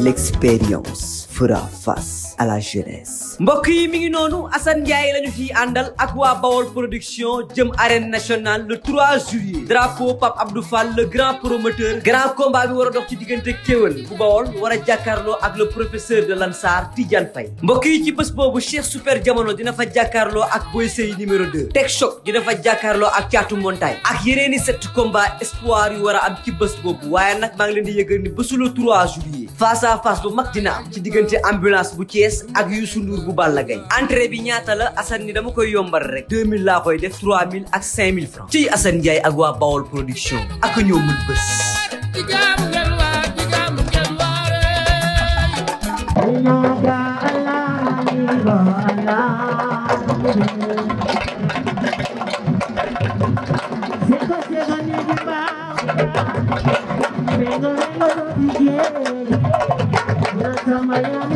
l'expérience. fera face à la jeunesse. mbokk yi mi ngi noonu Assane Ndiaye la ñu fiy àndal ak waa Bawol production jëm arène nationale le 3 juillet drapeau Pape Abdou Fall le grand promoteur grand combat bi war a ci diggante kéwél bu Bawol war a jàkkaarloo ak le professeur de Lansar Tidiane Faye mbokk yi ci bés boobu Cheikh Super Jamono dina fa jàkkaarloo ak Boy Sey numéro 2 Tech Choc dina fa jàkkaarloo ak Caatu Montagne ak yeneen i sept combat espoir yu war a am ci bés boobu waaye nag maa ngi leen di yëgal ni diggante ambulance bu Thiès ak yu Ndour bu Balla Gaye entrée bi ñaata la Assane ni dama koy yombal rek 2000 laa koy def 3000 ak 5000 francs ci Assane Ndiaye ak waa Bawol production ak ñoo mën bés Vengo, vengo, no te Hasta mañana.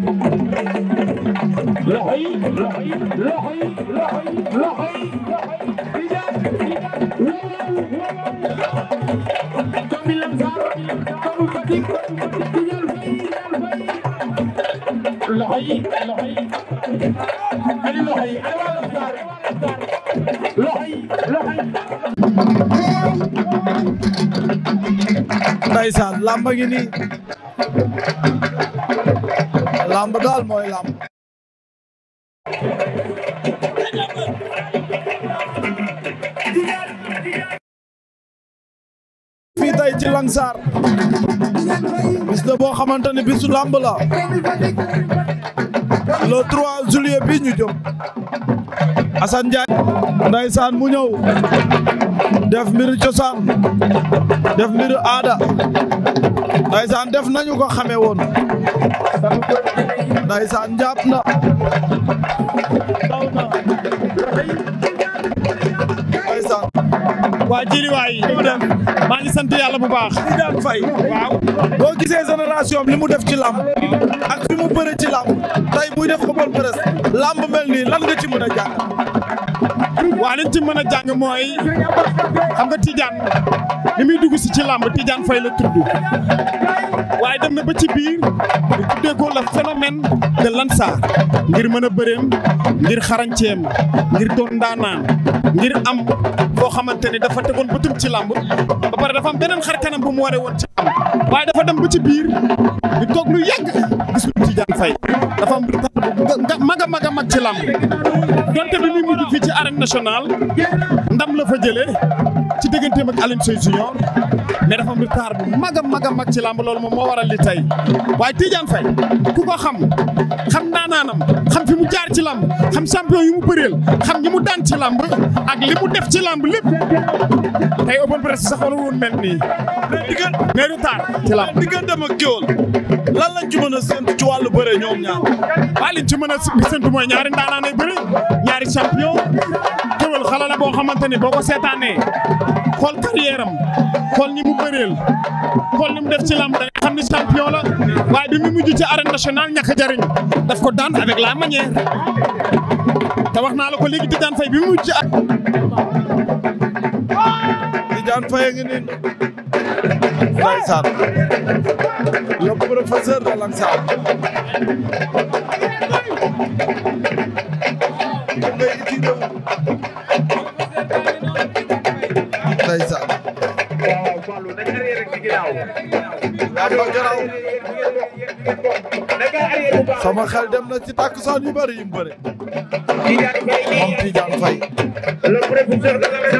ndeysaan làmb ngi nii làmb daal mooy làmb fii tey ci Lansar bis la boo xamante ne bisu làmb la le 3 juillet bi ñu jëm Assane Ndiaye ndaysaan mu ñëw def mbiru cosaan def mbiru aada ndaysaan def nañu ko xame woon ndaysaan jàpp na daw na waaw jili waay maa ngi sant yàlla bu baax di daan fay waaw boo gisee génération li mu def ci làmb ak fi mu bëri ci làmb tey muy def open press làmb mel nii lan nga ci mën a jàng waaw liñ ci mën a jàng mooy xam nga Tidiane li muy dugg si ci làmb Tidiane Faye la tudd waaye dem na ba ci biir bu tuddee ko la phénomène de Lansar ngir mën a bëreem ngir xarañceem ngir doon ndaanaan ngir am boo xamante ne dafa tegoon bëtum ci làmb ba pare dafa am beneen xar kanam bu mu waree woon ci làmb waaye dafa dem ba ci biir di toog lu yàgg gis ci jaan fay dafa am bu mag a mag a mag ci làmb donte bi fii ci arène nationale ndam la fa jëlee ci digganteem ak Alioune Seye Junior mais dafa am retard bu mag a mag a mag ci làmb loolu moom moo waral li tey waaye Tidiane Faye ku ko xam xam naanaanam xam fi mu jaar ci làmb xam champion yu mu bëreel xam ñi mu daan ci làmb ak li mu def ci làmb lépp tey open press sax wala woon mel nii mais retard ci làmb digganteem ak géwél lan lañ ci mën a séntu ci wàllu bëre ñoom ñaar waaye liñ ci mën a séntu mooy ñaari ndaanaan champion Keweul xale la boo xamante ni boo ko seetaanee xool carrière am xool ñi mu bëreel xool ni mu def ci lamb da nga xam ni champion la waaye bi mu mujj ci arène nationale ñàkk jariñ daf ko daan avec la manière te wax naa la ko léegi di daan fay bi mu mujj ci at. di daan fay ngi nii. ndeysaan le professeur de Lansar ndeysaan sama xel dem na ci takkusaan yu bari yu bëri moom Tidiane Faye le professeur de l'arène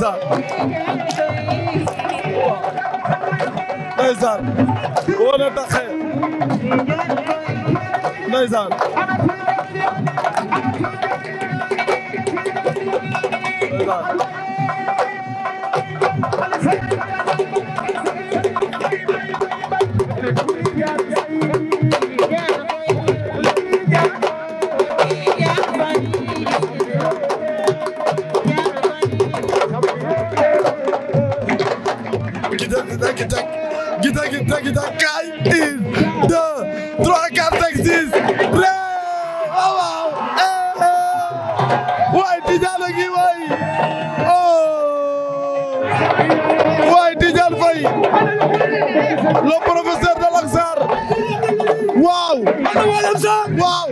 ndeysaan ndeysaan woon a taxe ndeysaan ndeysaan waaye Tidiane Faye le professeur de Lansar waaw waaw.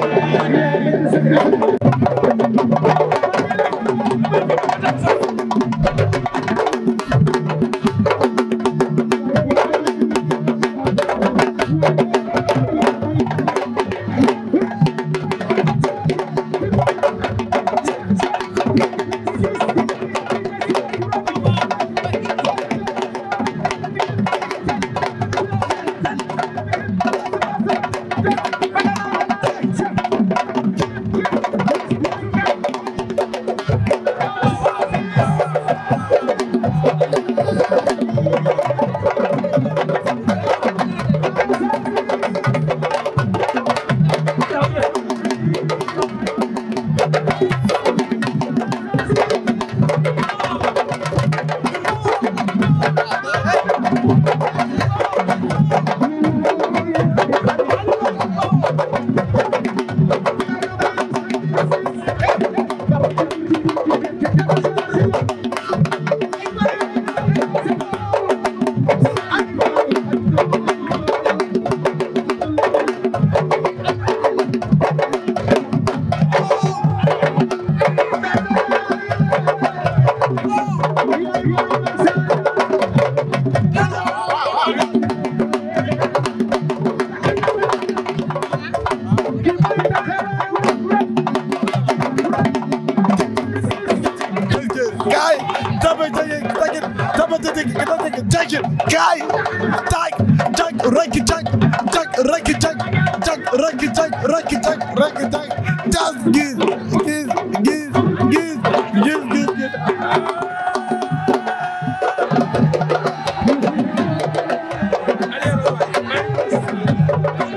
Thank you.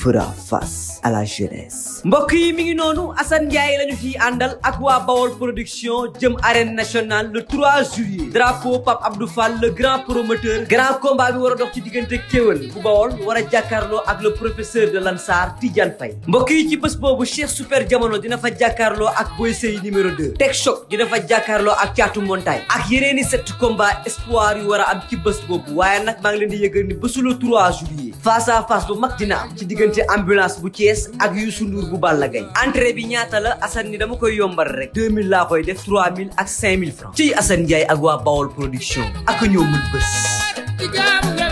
fera face à mbokk yi mi ngi noonu Assane Ndiaye lañu ciy àndal ak waa Bawol production jëm arène national le 3 juillet drapeau Pape Abdou Fall le grand promoteur grand combat bi war a dox ci diggante kéwél bu Bawol war a jàkkaarloo ak le professeur de Lansar Tidiane Faye mbokk yi ci bés boobu Cheikh Super Jamono dina fa jàkkaarloo ak Boy Sey numéro 2 Tech Choc dina fa jàkkaarloo ak Caatu Montagne ak yeneeni sept combat espoir yu war a am ci bés boobu waaye nag maa ngi leen di yëgal ni bésu le 3 juillet face à face bu mag dina am ci diggante ambulance bu Thiès ak Youssou bu Balla Gaye entrée bi ñaata la Assane ni dama koy yombal rek 2000 laa koy def 3000 ak 5000 francs ci Assane Ndiaye ak waa Bawol production ak ñoo mën bés